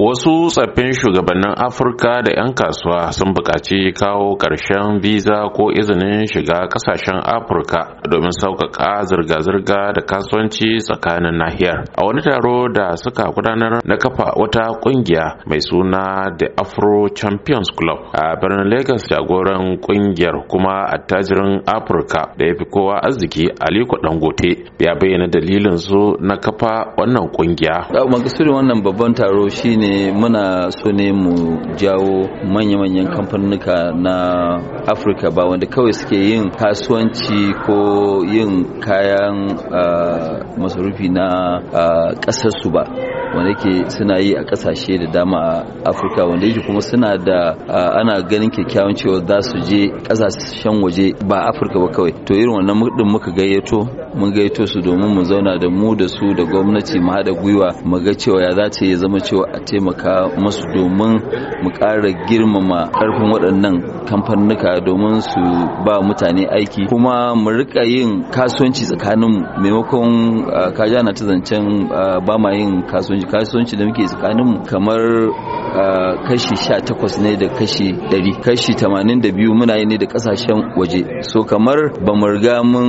Wasu tsaffin shugabannin Afirka da 'yan kasuwa sun buƙaci kawo ƙarshen visa ko izinin shiga ƙasashen Afirka domin sauƙaƙa zirga-zirga da kasuwanci tsakanin nahiyar. A wani taro da suka gudanar na kafa wata ƙungiya mai suna The Afro Champions Club a birnin Lagos jagoran ƙungiyar kuma attajirin Afirka da ya fi kowa arziki Aliko Dangote ya bayyana dalilin su na kafa wannan ƙungiya. wannan babban taro shine muna so ne mu jawo manya-manyan kamfanuka na afirka ba wanda kawai suke yin kasuwanci ko yin kayan masarufi na su ba wanda ke suna yi a kasashe da dama a afirka wanda yake kuma suna da ana ganin kyakkyawan cewa za su je kasashen waje ba afirka ba kawai to irin wannan mudin muka gayyato mun gayyato su domin mu zauna da mu da su da gwamnati mu haɗa gwiwa mu ga cewa ya za ce ya zama cewa a taimaka masu domin mu ƙara girmama ƙarfin waɗannan kamfanuka domin su ba mutane aiki kuma mu rika yin kasuwanci tsakanin maimakon ah, kaja na ta zancen ah, ba ma yin kasuwanci kasuwanci da muke tsakanin kamar kashi 18 ne da kashi 100 kashi 82 muna yi ne da kasashen waje so kamar ba mu riga mun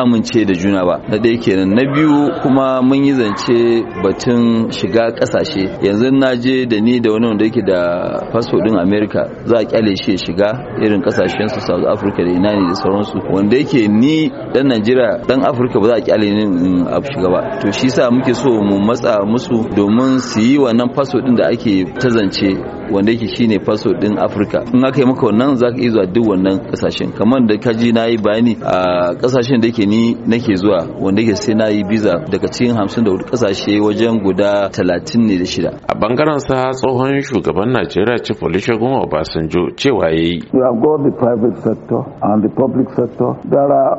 amince da juna ba na dai kenan na biyu kuma mun yi zance batun shiga kasashe yanzu na je da ni da wani wanda yake da fasfo din America za a kyale shi ya shiga irin kasashen su South Africa da ina ne da sauransu wanda yake ni dan Najeriya dan Afirka ba za a kyale ni in shiga ba to shi sa muke so mu matsa musu domin su yi wannan fasfo din da ake ta zance wanda yake shine faso din afirka in aka yi maka wannan za ka iya zuwa duk wannan kasashen kamar da kaji na yi bayani a kasashen da yake ni nake zuwa wanda yake sai na yi biza daga cikin hamsin da kasashe wajen guda talatin ne da shida a bangaren sa tsohon shugaban najeriya chief olusegun obasanjo cewa ya yi you have got the private sector and the public sector there are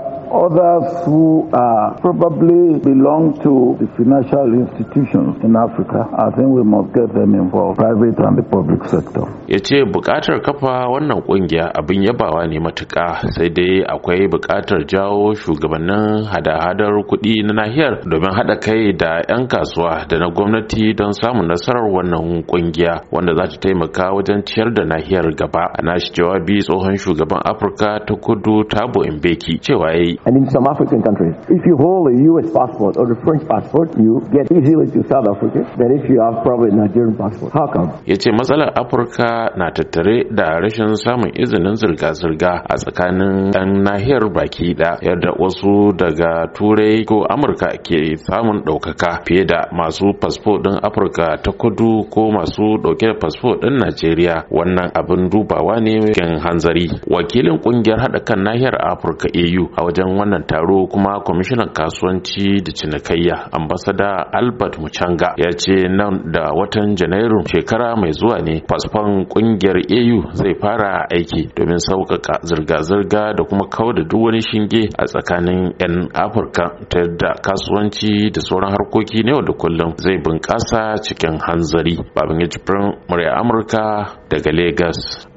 others who are probably belong to the financial institutions in Africa, I think we must get them involved, private and the public sector ya ce bukatar kafa wannan kungiya abin yabawa ne matuka sai dai akwai bukatar jawo shugabannin hada-hadar kuɗi na nahiyar domin haɗa kai da 'yan kasuwa da na gwamnati don samun nasarar wannan kungiya wanda za ta taimaka wajen ciyar da nahiyar gaba a nashi jawabi tsohon shugaban afirka ta kudu tabo mbeki cewa ya yi in some african countries if you hold a us passport or a french passport you get easily to south africa than if you have probably nigerian passport how come ce, matsalar afirka na tattare da rashin samun izinin zirga-zirga a tsakanin ɗan nahiyar baki da yadda wasu daga turai ko amurka ke samun ɗaukaka fiye da masu fasfo ɗin afirka ta kudu ko masu ɗauke da fasfo ɗin najeriya wannan abin dubawa ne kin hanzari wakilin ƙungiyar haɗa kan nahiyar afirka au a wajen wannan taro kuma kwamishinan kasuwanci da cinikayya ambasada albert muchanga ya ce nan da watan janairu shekara mai zuwa ne fasfon kungiyar au zai fara aiki domin sauƙaƙa zirga-zirga da kuma kawo da duk wani shinge a tsakanin 'yan afirka ta yadda kasuwanci da sauran harkoki na yau da kullum zai bunƙasa cikin hanzari babin Jibrin murya amurka daga Legas.